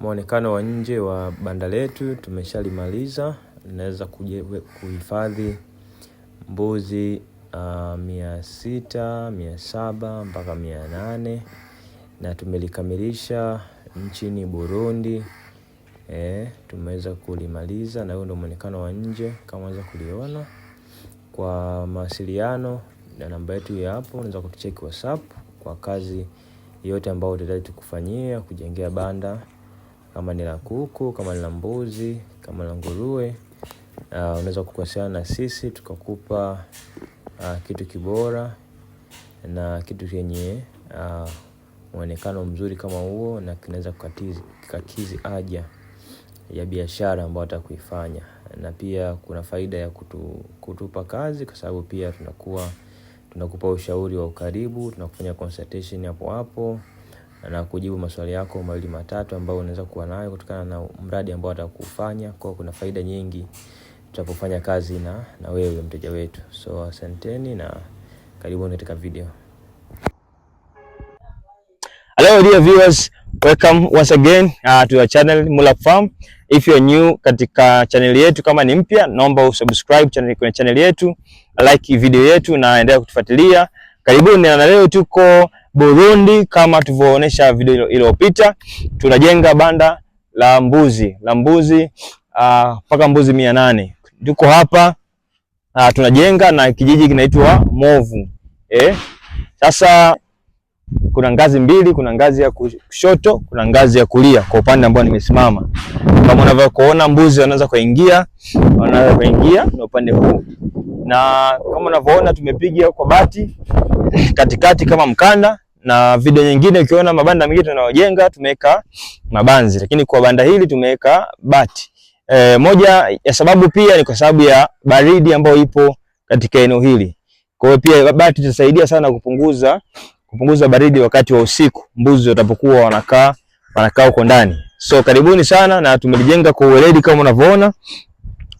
Mwonekano wa nje wa banda letu tumeshalimaliza, naweza kuhifadhi mbuzi ah, mia sita, mia saba, mpaka mia nane na tumelikamilisha nchini Burundi. E, tumeweza kulimaliza na huo ndio mwonekano wa nje kama unaweza kuliona. Kwa mawasiliano na namba yetu ya hapo unaweza kutucheki WhatsApp kwa kazi yote ambayo utahitaji tukufanyia kujengea banda, kama ni la kuku, kama ni la mbuzi, kama la nguruwe, unaweza kukosiana na sisi tukakupa uh, kitu kibora na kitu chenye uh, muonekano mzuri kama huo, na kinaweza kukakizi haja ya biashara ambayo atakuifanya, na pia kuna faida ya kutu, kutupa kazi kwa sababu pia tunakuwa tunakupa ushauri wa ukaribu, tunakufanya consultation hapo hapo na kujibu maswali yako mawili matatu ambayo unaweza kuwa nayo kutokana na mradi ambao atakufanya. Kwa kuna faida nyingi tunapofanya kazi na, na wewe mteja wetu. So asanteni na karibuni katika video. Hello dear viewers, welcome once again uh, to our channel Mulap Farm. If you are new katika chaneli yetu, kama ni mpya, naomba usubscribe channel, kwenye chaneli yetu, like video yetu na endelea kutufuatilia. Karibuni na leo tuko Burundi kama tulivyoonyesha video iliyopita, tunajenga banda la mbuzi la mbuzi ah, mpaka uh, mbuzi mia nane tuko hapa uh, tunajenga na kijiji kinaitwa Movu eh. Sasa kuna ngazi mbili, kuna ngazi ya kushoto, kuna ngazi ya kulia kwa upande ambao nimesimama. Kama unavyoona mbuzi wanaanza kuingia, wanaanza kuingia na upande huu. Na kama unavyoona tumepiga kwa bati katikati kama mkanda na video nyingine ukiona mabanda mengine tunayojenga tumeweka mabanzi, lakini kwa banda hili tumeweka bati. E, moja ya sababu pia ni kwa sababu ya baridi ambayo ipo katika eneo hili. Kwa hiyo pia bati itasaidia sana kupunguza kupunguza baridi wakati wa usiku mbuzi watapokuwa wanakaa wanakaa huko ndani. So karibuni sana, na tumelijenga kwa uweledi kama unavyoona,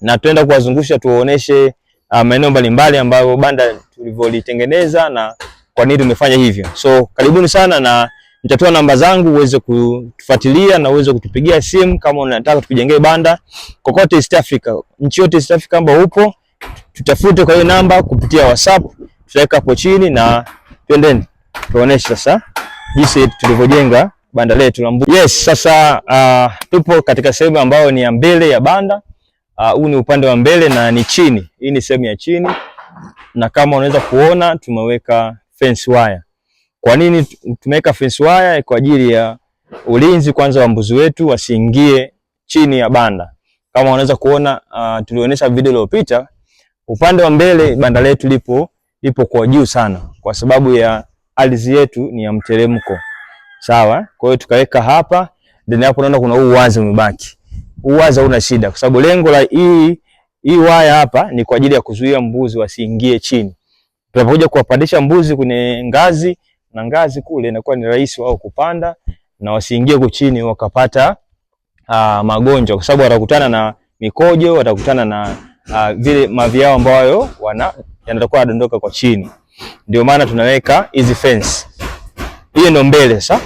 na tuenda kuwazungusha tuwaoneshe uh, maeneo mbalimbali ambayo banda tulivyolitengeneza na kwa nini tumefanya hivyo. So karibuni sana, na nitatoa namba zangu uweze kutufuatilia na uweze kutupigia simu kama unataka tukujengee banda kokote East Africa, nchi yote East Africa ambayo upo, tutafute kwa hiyo namba kupitia WhatsApp, tutaweka hapo chini na twendeni tuoneshe sasa jinsi tulivyojenga banda letu la mbuzi. Yes, sasa uh, tupo katika sehemu ambayo ni ya mbele ya banda uh, huu uh, ni upande wa mbele na ni chini. Hii ni sehemu ya chini, na kama unaweza kuona tumeweka fence wire. Kwa nini tumeweka fence wire? Kwa ajili ya ulinzi kwanza wa mbuzi wetu wasiingie chini ya banda. Kama unaweza kuona uh, tulionyesha video iliyopita, upande wa mbele banda letu lipo lipo kwa juu sana kwa sababu ya ardhi yetu ni ya mteremko. Sawa? Kwa hiyo tukaweka hapa, then hapo naona kuna huu uwazi umebaki. Uwazi una shida kwa sababu lengo la hii hii waya hapa ni kwa ajili ya kuzuia mbuzi wasiingie chini. Tunapokuja kuwapandisha mbuzi kwenye ngazi na ngazi kule inakuwa ni rahisi wao kupanda na wasiingie huko chini wakapata uh, magonjwa kwa sababu watakutana na mikojo, watakutana na uh, vile mavi yao ambayo wana yanatakuwa yadondoka kwa chini ndio maana tunaweka hizi fence. Hiyo ndio mbele sasa.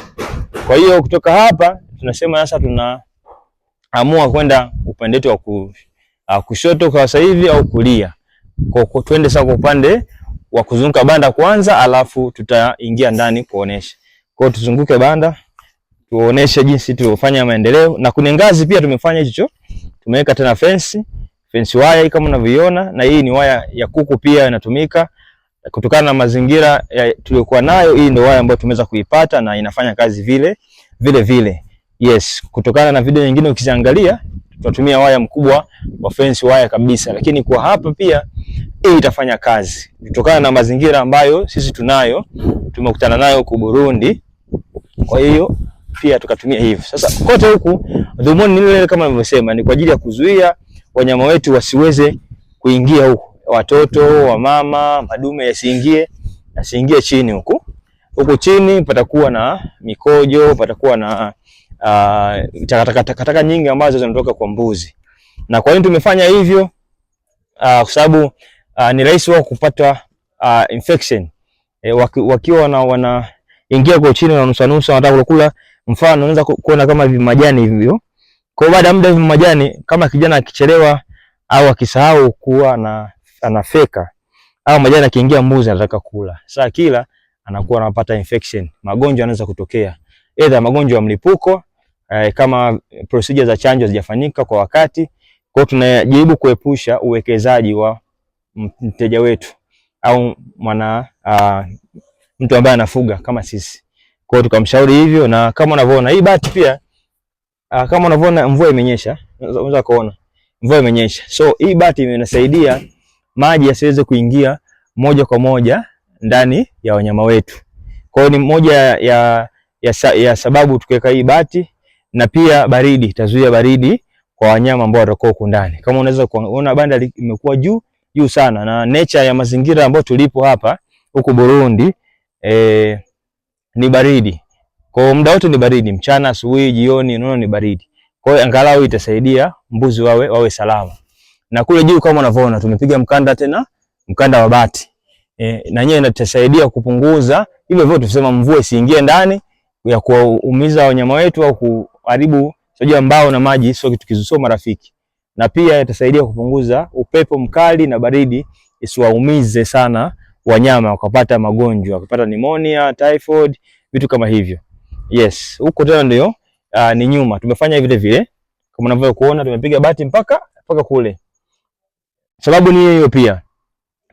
Kwa hiyo kutoka hapa tunasema sasa tunaamua kwenda upande wetu wa ku, ah, kushoto kwa sasa hivi au kulia. Kwa hiyo twende sasa kwa upande wa kuzunguka banda kwanza, alafu tutaingia ndani kuonesha. Kwa hiyo tuzunguke banda tuoneshe jinsi tulivyofanya maendeleo na kuna ngazi pia tumefanya hicho. Tumeweka tena fence, fence waya kama unavyoiona na hii ni waya ya kuku pia inatumika kutokana na mazingira tuliyokuwa nayo. Hii ndio waya ambayo tumeweza kuipata na inafanya kazi vile vile vile. Yes, kutokana na video nyingine ukiziangalia tunatumia waya mkubwa wa fence waya kabisa, lakini kwa hapa pia hii itafanya kazi kutokana na mazingira ambayo sisi tunayo, tumekutana nayo ku Burundi. Kwa hiyo pia tukatumia hivi. Sasa kote huku dhumuni ni ile kama nilivyosema, ni kwa ajili ya kuzuia wanyama wetu wasiweze kuingia huku watoto wamama, madume yasiingie yasiingie chini huku huku chini patakuwa na mikojo, patakuwa na uh, takataka nyingi ambazo zinatoka kwa mbuzi. Na kwa nini tumefanya hivyo? Uh, kwa sababu uh, ni rahisi wao kupata uh, infection e, waki, wakiwa na, wana, ingia kwa chini na nusa nusa, wanataka kula, mfano unaweza kuona kama hivi majani hivyo. Kwa baada ya muda hivi majani kama kijana akichelewa au akisahau kuwa na anafeka au majani akiingia mbuzi anataka kula. Saa kila anakuwa anapata infection, magonjwa yanaweza kutokea, Either magonjwa ya mlipuko eh, kama procedure za chanjo hazijafanyika kwa wakati. Kwa hiyo tunajaribu kuepusha uwekezaji wa mteja wetu au mwana uh, mtu ambaye anafuga kama sisi. Kwa hiyo tukamshauri hivyo, na kama unavyoona hii bati pia uh, kama unavyoona mvua imenyesha, unaweza kuona mvua imenyesha, so hii bati imenasaidia maji yasiweze kuingia moja kwa moja ndani ya wanyama wetu. Kwa hiyo ni moja ya, ya, ya sababu tukiweka hii bati, na pia baridi itazuia baridi kwa wanyama ambao watakuwa huko ndani. Kama unaweza kuona banda limekuwa juu juu sana, na nature ya mazingira ambayo tulipo hapa huku Burundi eh, ni baridi kwa hiyo muda wote, ni baridi mchana, asubuhi, jioni, unaona ni baridi. Kwa hiyo angalau itasaidia mbuzi wawe wawe salama na kule juu kama unavyoona tumepiga mkanda tena mkanda wa bati e, na yeye inatusaidia kupunguza hivyo hivyo, tusema mvua isiingie ndani ya kuumiza wanyama wetu au kuharibu sio mbao na maji, sio kitu kizuri, sio marafiki, na pia itasaidia kupunguza upepo mkali na baridi isiwaumize sana wanyama wakapata magonjwa wakapata pneumonia, typhoid, vitu kama hivyo. Yes, huko tena ndio ni nyuma tumefanya vile vile kama unavyokuona tumepiga bati mpaka mpaka kule Sababu ni hiyo pia.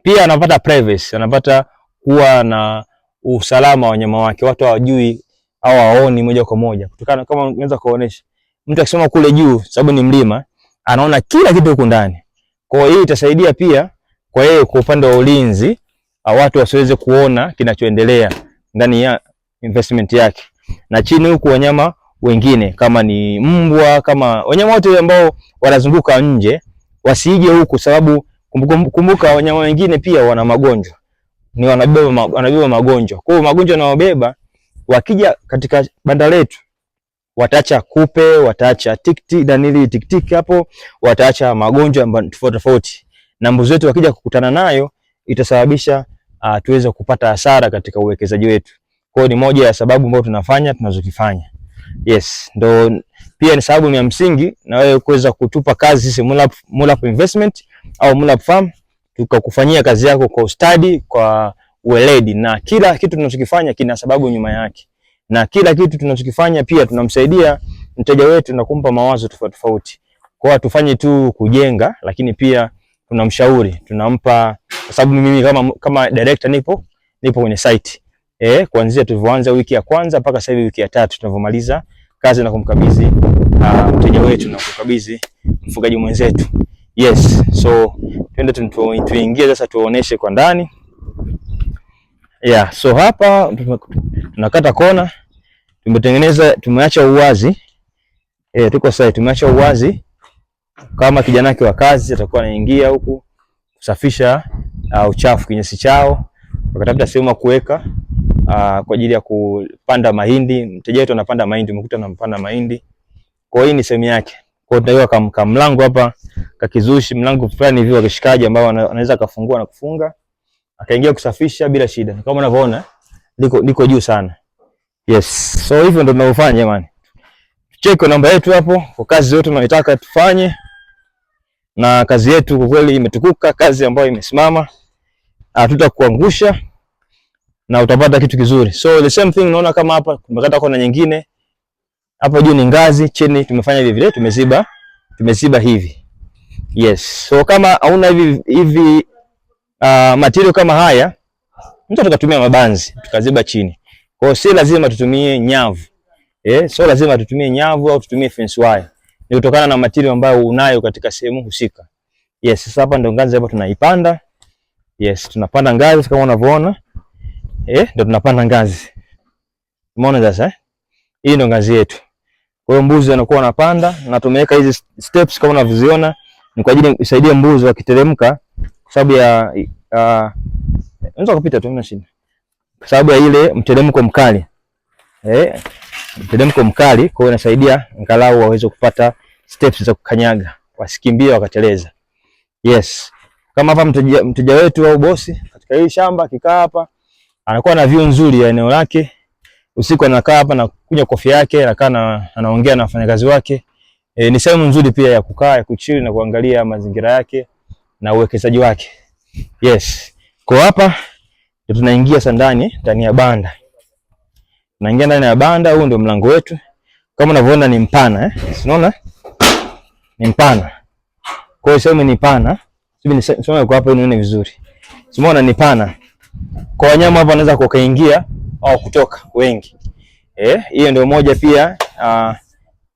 Pia anapata privacy, anapata kuwa na usalama wa wanyama wake. Watu hawajui au hawaoni moja kwa moja. Kutokana kama unaweza kuonesha. Mtu akisema kule juu sababu ni mlima, anaona kila kitu huko ndani. Kwa hiyo itasaidia pia kwa yeye kwa upande wa ulinzi, ah, watu wasiweze kuona kinachoendelea ndani ya investment yake. Na chini huku wanyama wengine kama ni mbwa, kama wanyama wote ambao wanazunguka nje wasiige huku, sababu kumbuka, wanyama wengine pia wana magonjwa, ni wanabeba wanabeba magonjwa. Kwa hiyo magonjwa wanaobeba wakija katika banda letu wataacha kupe, wataacha tikti danili tiktiki hapo, wataacha magonjwa tofauti tofauti, na mbuzi wetu wakija kukutana nayo itasababisha uh, tuweze kupata hasara katika uwekezaji wetu. Kwa hiyo ni moja ya sababu ambayo tunafanya tunazokifanya. Yes, ndo pia ni sababu ya msingi na wewe kuweza kutupa kazi sisi Mulap, Mulap Investment au Mulap Farm, tukakufanyia kazi yako kwa ustadi, kwa weledi, na kila kitu tunachokifanya kina sababu nyuma yake, na kila kitu tunachokifanya pia tunamsaidia mteja wetu na kumpa mawazo tofauti tofauti. Kwa hiyo tufanye tu kujenga, lakini pia tunamshauri tunampa, kwa sababu mimi kama, kama director nipo nipo kwenye site eh, kuanzia tulivyoanza wiki ya kwanza mpaka sasa hivi wiki ya tatu tunavyomaliza kazi na kumkabidhi ah, mteja wetu na kumkabidhi mfugaji mwenzetu. Yes, so twende tuingie sasa tuoneshe kwa ndani. Yeah, so hapa tunakata kona, tumetengeneza tumeacha uwazi eh, tuko sasa tumeacha uwazi kama kijana wake wa kazi atakuwa anaingia huku kusafisha uh, uchafu kinyesi chao, wakatafuta sehemu ya kuweka uh, kwa ajili ya kupanda mahindi. Mteja wetu anapanda mahindi, umekuta anapanda mahindi. Kwa hiyo ni sehemu yake. Kwa hiyo tunaweka mlango hapa kakizushi mlango fulani hivi wa kishikaji ambao anaweza kafungua na kufunga akaingia kusafisha bila shida. Kama unavyoona liko liko juu sana. Yes. So hivyo ndio tunavyofanya jamani. Check namba yetu hapo kwa kazi zote tunayotaka tufanye. Na kazi yetu kwa kweli imetukuka, kazi ambayo imesimama. Hatutakuangusha na utapata kitu kizuri. So the same thing unaona kama hapa tumekata kona nyingine. Hapa juu ni ngazi, chini tumefanya hivi vile, tumeziba tumeziba hivi. Yes. So kama hauna hivi hivi uh, material kama haya, mtu atakatumia mabanzi, tukaziba chini. Kwa hiyo si lazima tutumie nyavu. Eh, so lazima tutumie nyavu au tutumie fence wire. Ni kutokana na material ambayo unayo katika sehemu husika. Yes, sasa hapa ndo ngazi hapa tunaipanda. Yes, tunapanda ngazi kama unavyoona eh, ndo tunapanda ngazi. Umeona sasa eh? Hii ndo ngazi yetu. Kwa hiyo mbuzi anakuwa anapanda na tumeweka hizi steps kama unavyoziona ni kwa ajili isaidie mbuzi wakiteremka kwa sababu ya ah, unaweza kupita tu, shida kwa sababu ya ile mteremko mkali eh, mteremko mkali. Kwa hiyo inasaidia angalau waweze kupata steps za kukanyaga, wasikimbie wakateleza. Yes, kama hapa mteja wetu au bosi katika hii shamba akikaa hapa anakuwa na view nzuri ya eneo lake. Usiku anakaa hapa na kunywa kofi yake, anakaa na anaongea na wafanyakazi wake. E, ni sehemu nzuri pia ya kukaa, ya kuchili na kuangalia mazingira yake na uwekezaji wake. Yes. Kwa hapa tunaingia sasa ndani ndani ya banda. Tunaingia ndani ya banda, huu ndio mlango wetu. Kama unavyoona ni mpana eh. Unaona? Ni mpana. Kwa hiyo sehemu ni pana. Sasa ni sema kwa hapa unione vizuri. Simona ni pana kwa wanyama hapa wanaweza kukaingia au kutoka wengi. Eh, hiyo ndio moja pia aa, ah,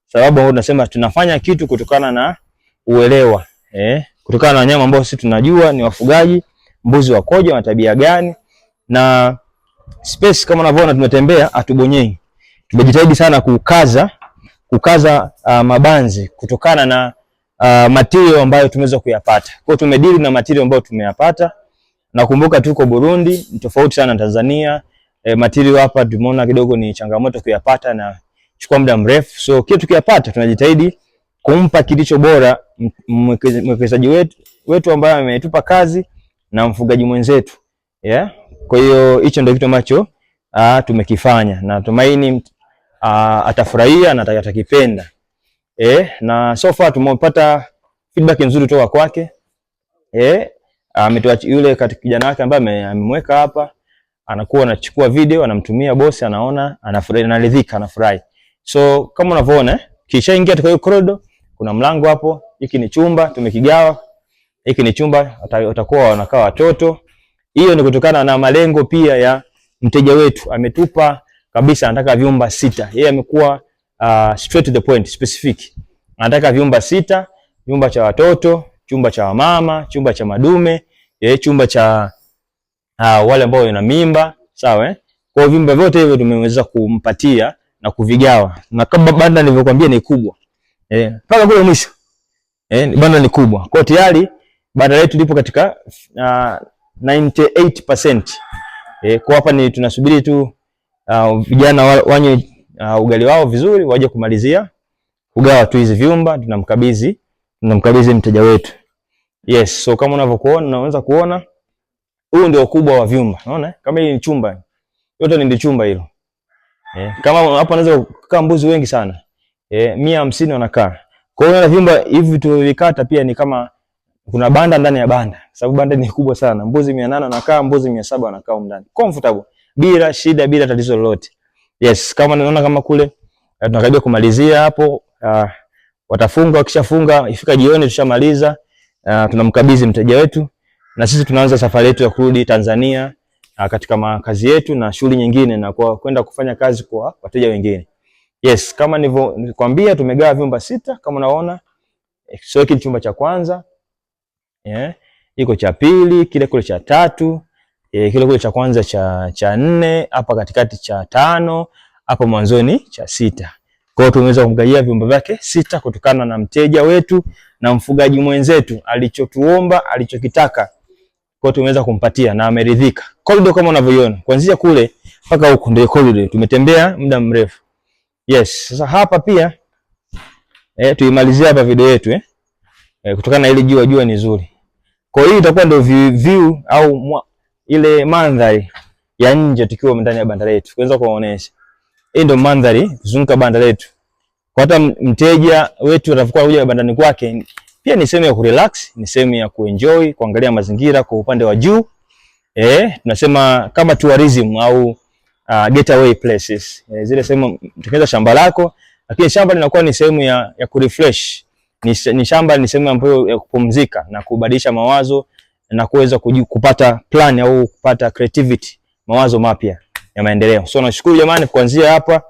sababu ambayo tunasema tunafanya kitu kutokana na uelewa. Eh, kutokana na wanyama ambao sisi tunajua ni wafugaji, mbuzi wakoje, wana tabia gani na space kama unavyoona tumetembea atubonyei. Tumejitahidi sana kukaza kukaza uh, mabanzi kutokana na uh, ambayo tumeweza kuyapata. Kwa hiyo tumedili na matirio ambayo tumeyapata. Nakumbuka tuko Burundi, ni tofauti sana na Tanzania. E, material hapa tumeona kidogo ni changamoto kuyapata na chukua muda mrefu. So kile tukiyapata tunajitahidi kumpa kilicho bora mwekezaji wetu, wetu ambaye ametupa kazi na mfugaji mwenzetu. Yeah? Kwa hiyo hicho ndio kitu ambacho ah, tumekifanya na natumaini ah, atafurahia na atakipenda. Eh, na so far tumepata feedback nzuri kutoka kwake. Eh, Ah, ametoa yule katika kijana wake ambaye amemweka hapa, anakuwa anachukua video anamtumia bosi, anaona anafurahi, anaridhika, anafurahi. So kama unavyoona, eh, kisha ingia katika hiyo corridor, kuna mlango hapo. Hiki ni chumba tumekigawa, hiki ni chumba watakuwa wanakaa watoto. Hiyo ni kutokana na malengo pia ya mteja wetu, ametupa kabisa, anataka vyumba sita. Yeye amekuwa uh, straight to the point, specific, anataka vyumba sita, vyumba cha watoto chumba cha wamama, chumba cha madume, eh, chumba cha uh, wale ambao wana mimba, sawa eh? Kwa hiyo vyumba vyote hivyo tumeweza kumpatia na kuvigawa, na kama banda nilivyokuambia ni kubwa eh, mpaka kule mwisho eh, banda ni kubwa. Kwa tayari banda letu lipo katika uh, ah, 98% eh, kwa hapa ni tunasubiri tu uh, vijana wanywe uh, ugali wao vizuri, waje kumalizia kugawa tu hizi vyumba, tunamkabidhi tunamkabidhi mteja wetu. Yes, so kama unavyokuona unaweza kuona huu ndio ukubwa wa vyumba. Unaona? Kama hii ni chumba. Yote ni chumba hilo. Eh, Kama hapa unaweza kukaa mbuzi wengi sana. Eh, 150 wanakaa. Kwa hiyo na vyumba hivi tulivikata pia ni kama kuna banda ndani ya banda. Sababu banda ni kubwa sana. Mbuzi 800 wanakaa, mbuzi 700 wanakaa huko ndani. Comfortable. Bila shida, bila tatizo lolote. Yes, kama unaona kama kule eh, tunakaribia kumalizia hapo. Uh, watafunga, wakishafunga ifika jioni tushamaliza uh, tunamkabidhi mteja wetu na sisi tunaanza safari yetu ya kurudi Tanzania uh, katika makazi yetu na shughuli nyingine na kwa kwenda kufanya kazi kwa wateja wengine. Yes, kama nilivyokuambia tumegawa vyumba sita kama unaona. Eh, so kile chumba cha kwanza. Yeah. Iko cha pili, kile kule cha tatu, yeah, kile kule cha kwanza cha cha nne, hapa katikati cha tano, hapo mwanzoni cha sita. Kwa hiyo tumeweza kumgawia vyumba vyake sita kutokana na mteja wetu na mfugaji mwenzetu alichotuomba alichokitaka kwa tumeweza kumpatia na ameridhika. Corridor kama unavyoiona kuanzia kule mpaka huko ndio corridor, tumetembea muda mrefu. Yes, sasa hapa pia eh, tuimalizie hapa video yetu eh. Eh, kutokana na ile jua jua ni zuri. Kwa hiyo itakuwa ndio view, view au mwa, ile mandhari ya nje tukiwa ndani ya banda letu. Kuweza kuwaonesha. Hii ndio mandhari kuzunguka banda letu. Kwa hata mteja wetu atakapokuwa kuja bandani kwake, pia ni sehemu ya kurelax, ni sehemu ya kuenjoy, kuangalia mazingira kwa upande wa juu. Eh, tunasema kama tourism au uh, getaway places. Eh, zile sehemu mtengeneza shamba lako, lakini shamba linakuwa ni sehemu ya, ya kurefresh. Ni, ni shamba ni sehemu ambayo ya kupumzika na kubadilisha mawazo na kuweza kupata plan au kupata creativity, mawazo mapya ya maendeleo. So nashukuru jamani kuanzia hapa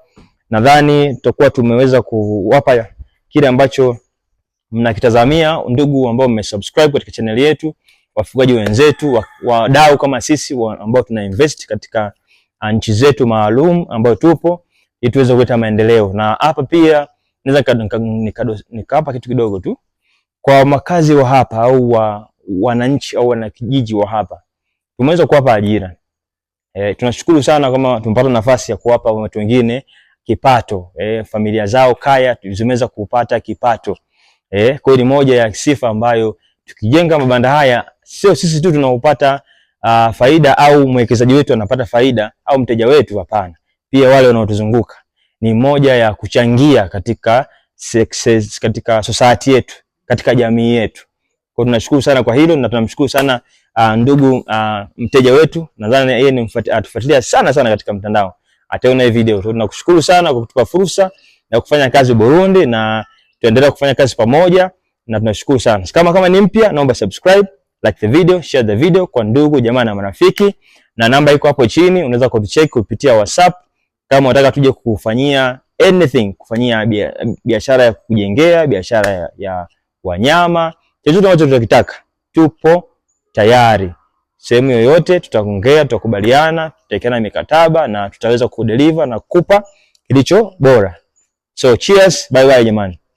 nadhani tutakuwa tumeweza kuwapa kile ambacho mnakitazamia, ndugu ambao mmesubscribe katika channel yetu, wafugaji wenzetu, wadau kama sisi ambao tuna invest katika ah, nchi zetu maalum ambayo tupo ili tuweze kuleta maendeleo. Na hapa pia naweza nikawapa kitu kidogo tu kwa makazi wa hapa au wa wananchi au wanakijiji wa hapa, tumeweza kuwapa ajira. E, tunashukuru sana kama tumepata nafasi ya kuwapa watu wengine kipato e, familia zao kaya zimeweza kupata kipato eh. Kwa ni moja ya sifa ambayo tukijenga mabanda haya sio sisi tu tunaopata uh, faida au mwekezaji wetu anapata faida au mteja wetu, hapana, pia wale wanaotuzunguka ni moja ya kuchangia katika success, katika society yetu, katika jamii yetu. Kwa tunashukuru sana kwa hilo na tunamshukuru sana uh, ndugu uh, mteja wetu, nadhani yeye ni atufuatilia sana sana katika mtandao ataona hii video. Tunakushukuru sana kwa kutupa fursa ya kufanya kazi Burundi, na tuendelea kufanya kazi pamoja, na tunashukuru sana. Kama kama ni mpya, naomba subscribe, like the video, share the video kwa ndugu jamaa na marafiki, na namba iko hapo chini, unaweza kutucheki kupitia WhatsApp kama unataka tuje kukufanyia anything, kufanyia biashara ya kujengea, biashara ya, ya wanyama, chochote unachotaka. tupo tayari sehemu yoyote, tutaongea, tutakubaliana, tutaekeana mikataba na tutaweza kudeliver na kukupa kilicho bora. So cheers, bye bye jamani.